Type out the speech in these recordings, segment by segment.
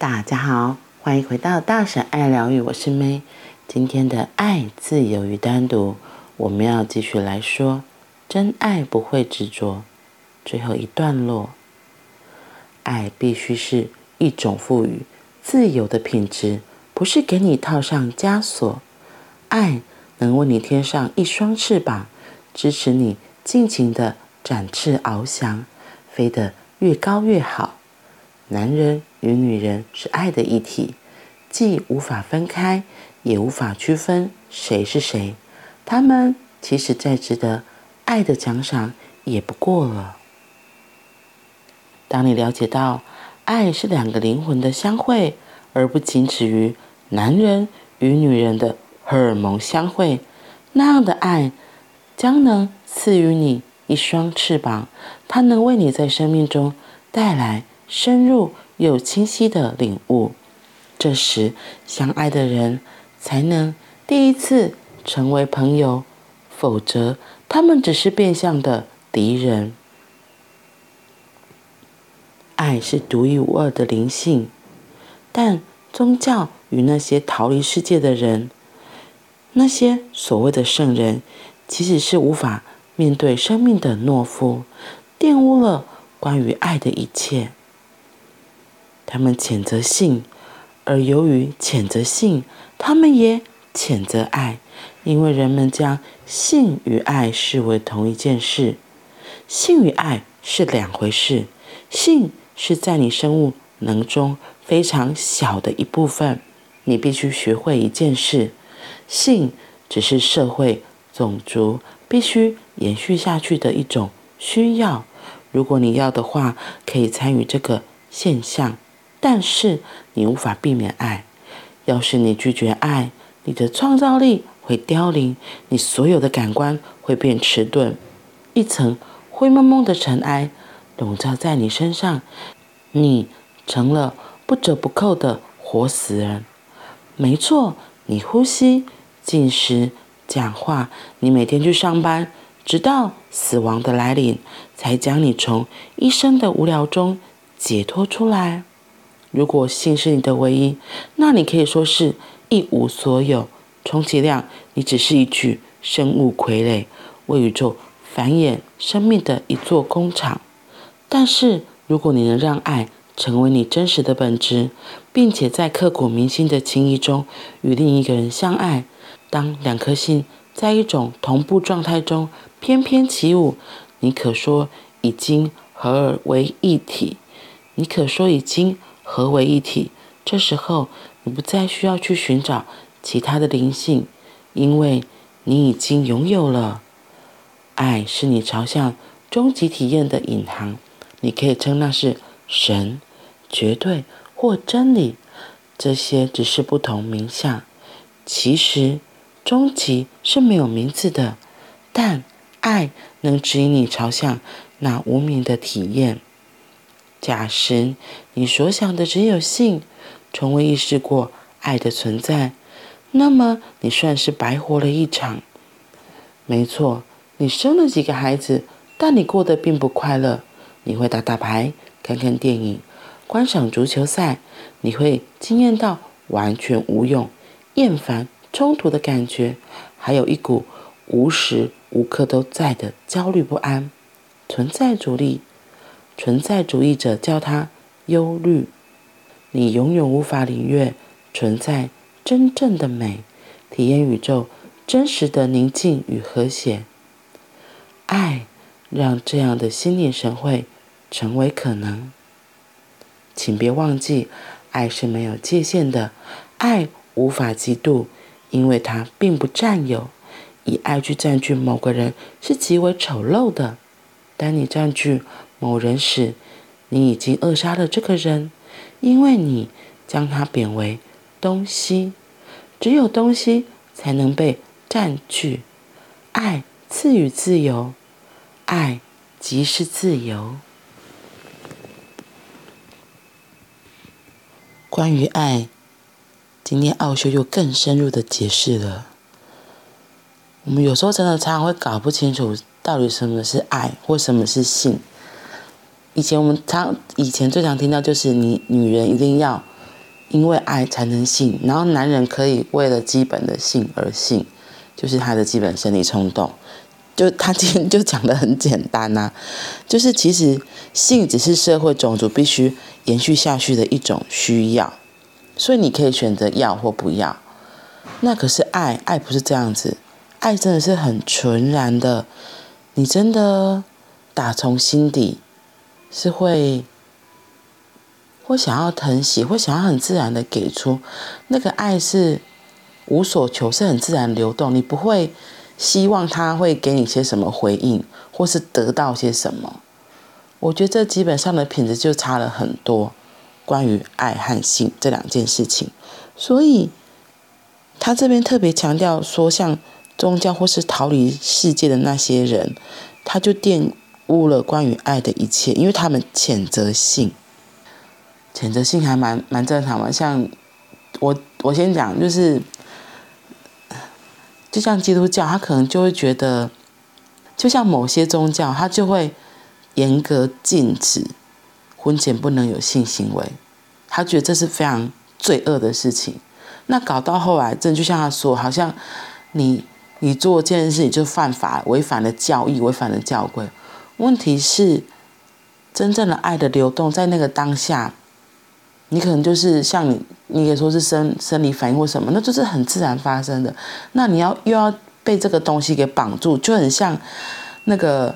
大家好，歡迎回到大嬸愛療癒，我是 May。今天的愛自由與單獨，我們要繼續來說，真愛不會執着。最後一段落，愛必須是一種賦予自由的品質，不是給你套上枷鎖。愛能為你添上一雙翅膀，支持你盡情的展翅翱翔，飛得越高越好。男人。與女人是愛的一體，既無法分開，也無法區分誰是誰。他們其實再值得愛的獎賞也不過了。當你了解到愛是兩個靈魂的相會，而不僅止於男人與女人的荷爾蒙相會，那樣的愛將能賜予你一雙翅膀，它能為你在生命中帶來。深入又清晰的領悟，這時相愛的人才能第一次成為朋友，否則他們只是變相的敵人。愛是獨一無二的靈性，但宗教與那些逃離世界的人，那些所謂的聖人，其實是無法面對生命的懦夫，玷污了關於愛的一切。他們譴責性，而由於譴責性，他們也譴責愛，因為人們將性與愛視為同一件事。性與愛是兩回事。性是在你生物能中非常小的一部分，你必須學會一件事。性只是社會種族必須延續下去的一種需要。如果你要的話，可以參與這個現象。但是你無法避免愛。要是你拒絕愛，你的創造力會凋零，你所有的感官會變遲鈍，一層灰蒙蒙的塵埃籠罩在你身上，你成了不折不扣的活死人。沒錯，你呼吸、進食、講話，你每天去上班，直到死亡的來臨，才將你從一生的無聊中解脫出來。如果性是你的唯一，那你可以說是一無所有，充其量你只是一具生物傀儡，為宇宙繁衍生命的一座工廠。但是，如果你能讓愛成為你真實的本質，並且在刻骨銘心的情誼中與另一個人相愛，當兩顆心在一種同步狀態中翩翩起舞，你可說已經合而為一體，你可說已經。合為一體，這時候你不再需要去尋找其他的靈性，因為你已經擁有了。愛是你朝向終極體驗的引航，你可以稱那是神、絕對或真理，這些只是不同名相。其實終極是沒有名字的，但愛能指引你朝向那無名的體驗。假使你所想的只有性，從未意識過愛的存在，那麼你算是白活了一場。沒錯，你生了幾個孩子，但你過得並不快樂。你會打打牌、看看電影、觀賞足球賽，你會經驗到完全無用、厭煩、衝突的感覺，還有一股無時無刻都在的焦慮不安，存在阻力。存在主義者叫它憂慮。你永遠無法領略存在真正的美，體驗宇宙真實的寧靜與和諧。愛讓這樣的心領神會成為可能。請別忘記，愛是沒有界限的，愛無法嫉妒，因為它並不占有。以愛去占據某個人是極為醜陋的。當你占據，某人時，你已經扼殺了這個人，因為你將他貶為東西。只有東西才能被佔據。愛賜予自由，愛即是自由。關於愛，今天奧修又更深入的解釋了。我們有時候真的常常會搞不清楚到底什麼是愛或什麼是性。以前我們常以前最常聽到就是你女人一定要因為愛才能性，然後男人可以為了基本的性而性，就是他的基本生理衝動。就他今天就講的很簡單吶、啊，就是其實性只是社會種族必須延續下去的一種需要，所以你可以選擇要或不要。那可是愛，愛不是這樣子，愛真的是很純然的，你真的打從心底。是會，會想要疼惜，會想要很自然的給出那個愛是無所求，是很自然流動。你不會希望他會給你些什麼回應，或是得到些什麼。我覺得這基本上的品質就差了很多，關於愛和性這兩件事情，所以他這邊特別強調說，像宗教或是逃離世界的那些人，他就墊。誤了關於愛的一切，因為他們譴責性，譴責性還蠻蠻正常嘛。像我我先講，就是就像基督教，他可能就會覺得，就像某些宗教，他就會嚴格禁止婚前不能有性行為，他覺得這是非常罪惡的事情。那搞到後來，真就像他說，好像你你做這件事你就犯法，違反了教義，違反了教規。問題是，真正的愛的流動，在那個當下，你可能就是像你，你也說是生生理反應或什麼，那就是很自然發生的。那你要又要被這個東西給綁住，就很像那個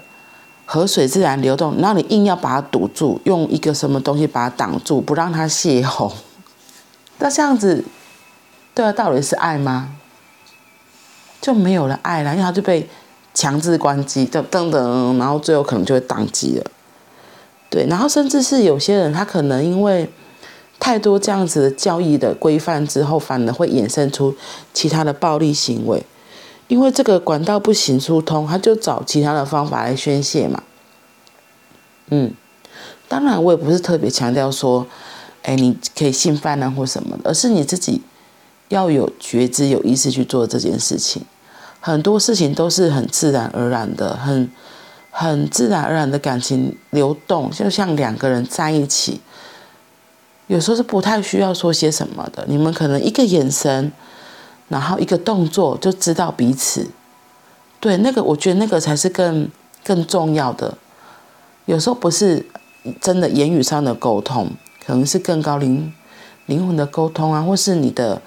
河水自然流動，然後你硬要把它堵住，用一個什麼東西把它擋住，不讓它泄洪。那這樣子，對啊，到底是愛嗎？就沒有了愛，然後它就被。強制關機，等噔噔，然後最後可能就會宕機了。對，然後甚至是有些人，他可能因為太多這樣子的教義的規範之後，反而會衍生出其他的暴力行為，因為這個管道不行疏通，他就找其他的方法來宣泄嘛。嗯，當然，我也不是特別強調說，哎、欸，你可以信犯啊或什麼的，而是你自己要有覺知、有意識去做這件事情。很多事情都是很自然而然的，很很自然而然的感情流動，就像兩個人在一起，有時候是不太需要說些什麼的。你們可能一個眼神，然後一個動作就知道彼此。對，那個我覺得那個才是更更重要的。有時候不是真的言語上的溝通，可能是更高靈靈魂的溝通啊，或是你的。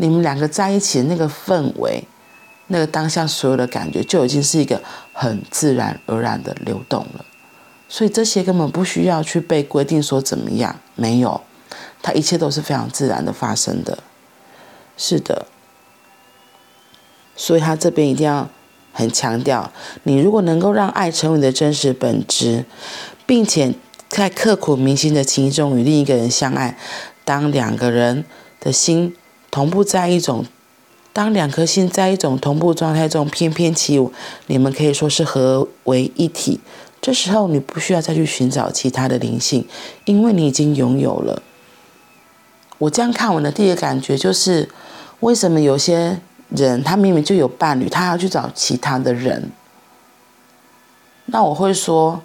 你們兩個在一起的那個氛圍，那個當下所有的感覺，就已經是一個很自然而然的流動了。所以這些根本不需要去被規定說怎麼樣，沒有，它一切都是非常自然的發生的。是的，所以他這邊一定要很強調，你如果能夠讓愛成為你的真實本質，並且在刻骨銘心的情中與另一個人相愛，當兩個人的心。同步在一種，當兩顆心在一種同步狀態中翩翩起舞，你們可以說是合為一體。這時候你不需要再去尋找其他的靈性，因為你已經擁有了。我這樣看，我的第一個感覺就是，為什麼有些人他明明就有伴侶，他還要去找其他的人？那我會說，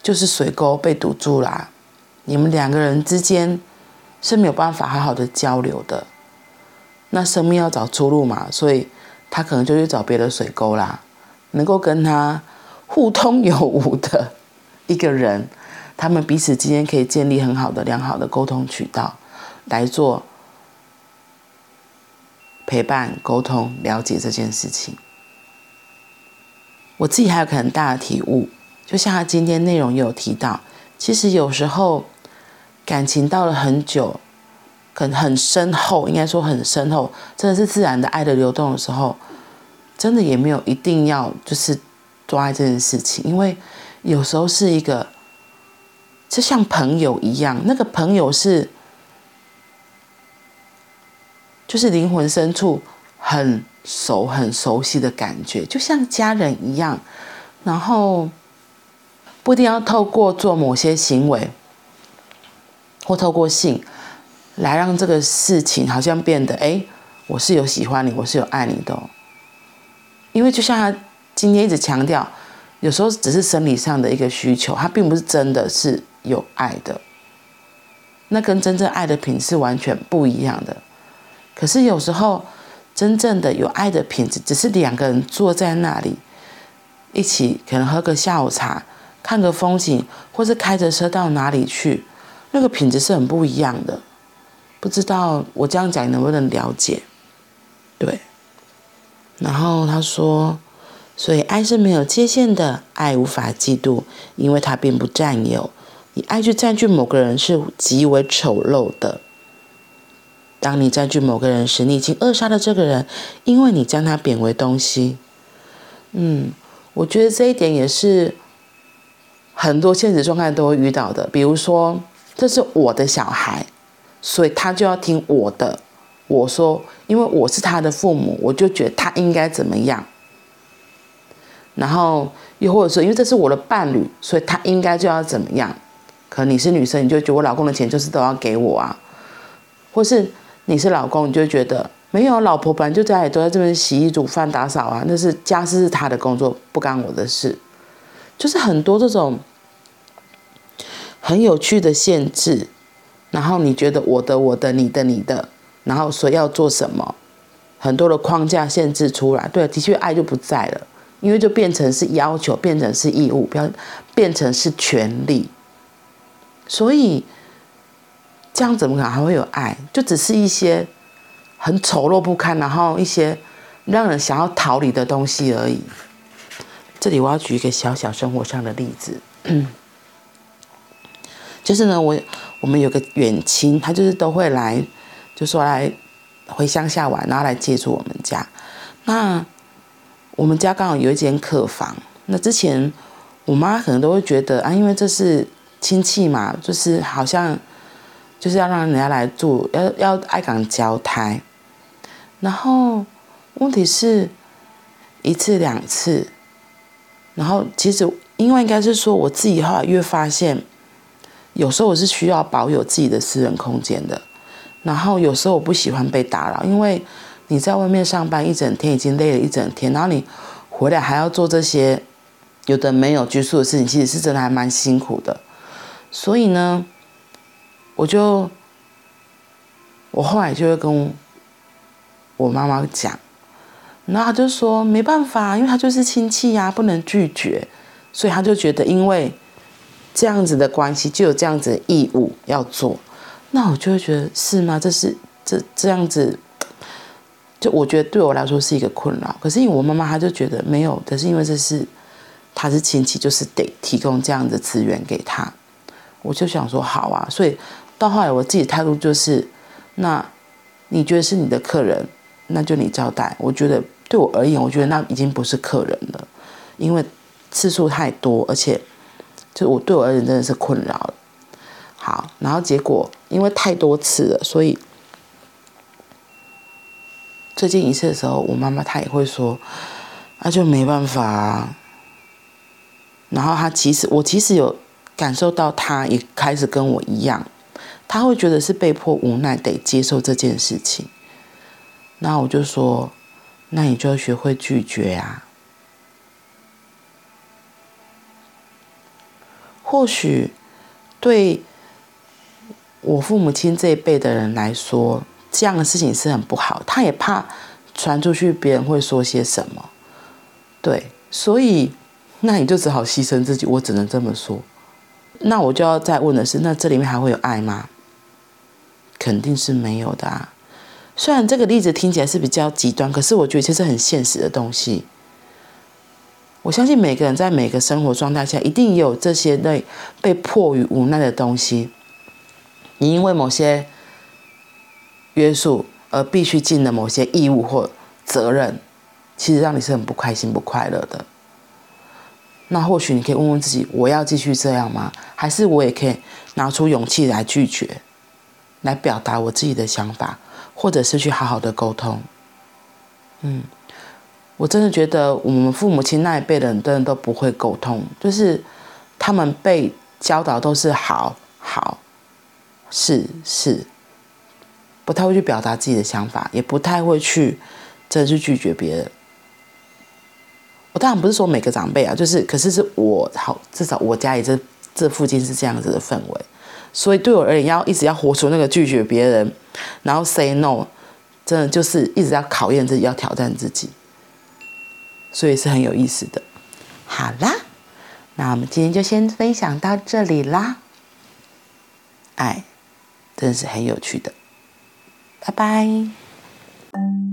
就是水溝被堵住啦啊，你們兩個人之間是沒有辦法好好的交流的。那生命要找出路嘛，所以他可能就去找別的水溝啦，能夠跟他互通有無的一個人，他們彼此之間可以建立很好的、良好的溝通渠道，來做陪伴、溝通、了解這件事情。我自己還有個很大的體悟，就像他今天內容也有提到，其實有時候感情到了很久。可能很深厚，應該說很深厚，真的是自然的愛的流動的時候，真的也沒有一定要就是做愛這件事情，因為有時候是一個就像朋友一樣，那個朋友是就是靈魂深處很熟、很熟悉的感覺，就像家人一樣，然後不一定要透過做某些行為或透過性。來讓這個事情好像變得哎，我是有喜歡你，我是有愛你的哦。因為就像他今天一直強調，有時候只是生理上的一個需求，他並不是真的是有愛的。那跟真正愛的品質完全不一樣的。可是有時候真正的有愛的品質，只是兩個人坐在那裡一起，可能喝個下午茶，看個風景，或是開着車到哪裡去，那個品質是很不一樣的。不知道我這樣講能不能了解，對。然後他說，所以愛是沒有界限的，愛無法嫉妒，因為他並不佔有。以愛去佔據某個人是極為醜陋的。當你佔據某個人時，你已經扼殺了這個人，因為你將他貶為東西。嗯，我覺得這一點也是很多現實狀態都會遇到的，比如說，這是我的小孩。所以他就要聽我的，我說，因為我是他的父母，我就覺得他應該怎麼樣。然後又或者說，因為這是我的伴侶，所以他應該就要怎麼樣。可能你是女生，你就覺得我老公的錢就是都要給我啊。或是你是老公，你就覺得沒有老婆本來就在家裡都在這邊洗衣煮飯打掃啊，那是家事，是他的工作，不干我的事。就是很多這種很有趣的限制。然後你覺得我的、我的、你的、你的，然後誰要做什麼？很多的框架限制出來，對，的確愛就不在了，因為就變成是要求，變成是義務，變成是權利。所以這樣怎麼可能還會有愛？就只是一些很醜陋不堪，然後一些讓人想要逃離的東西而已。這裡我要舉一個小小生活上的例子。嗯，就是呢，我。我們有個遠親，他就是都會來，就說來回鄉下玩，然後來借住我們家。那我們家剛好有一間客房。那之前我媽可能都會覺得啊，因為這是親戚嘛，就是好像就是要讓人家來住，要要愛港交待。然後問題是，一次兩次，然後其實因為應該是說我自己後來越發現。有時候我是需要保有自己的私人空間的，然後有時候我不喜歡被打擾，因為你在外面上班一整天已經累了一整天，然後你回來還要做這些有的沒有拘束的事情，其實是真的還蠻辛苦的。所以呢，我就我後來就會跟我媽媽講，然後她就說沒辦法，因為她就是親戚呀、啊，不能拒絕，所以她就覺得因為。這樣子的關係就有這樣子的義務要做，那我就會覺得是嗎？這是這這樣子，就我覺得對我來說是一個困擾。可是因為我媽媽，她就覺得沒有，但是因為這是她是親戚，就是得提供這樣子資源給她。我就想說好啊，所以到後來我自己的態度就是，那你覺得是你的客人，那就你招待。我覺得對我而言，我覺得那已經不是客人了，因為次數太多，而且。就我對我而言真的是困擾了。好，然後結果因為太多次了，所以最近一次的時候，我媽媽她也會說，那，啊，就沒辦法啊。然後她其實我其實有感受到，她也開始跟我一樣，她會覺得是被迫無奈得接受這件事情。那我就說，那你就要學會拒絕啊。或許，對我父母親這一輩的人來說，這樣的事情是很不好。他也怕傳出去，別人會說些什麼。對，所以那你就只好犧牲自己，我只能這麼說。那我就要再問的是，那這裡面還會有愛嗎？肯定是沒有的啊。雖然這個例子聽起來是比較極端，可是我覺得這是很現實的東西。我相信每個人在每個生活狀態下，一定有這些被被迫於無奈的東西。你因為某些約束而必須盡的某些義務或責任，其實讓你是很不開心、不快樂的。那或許你可以問問自己：我要繼續這樣嗎？還是我也可以拿出勇氣來拒絕，來表達我自己的想法，或者是去好好的溝通。嗯。我真的覺得，我們父母親那一輩的很多人真的都不會溝通，就是他們被教導都是好好是是，不太會去表達自己的想法，也不太會去真的去拒絕別人。我當然不是說每個長輩啊，就是可是是我好，至少我家裡這這附近是這樣子的氛圍，所以對我而言要，要一直要活出那個拒絕別人，然後 say no，真的就是一直要考驗自己，要挑戰自己。所以是很有意思的。好啦，那我們今天就先分享到這裡啦。哎，真是很有趣的。拜拜。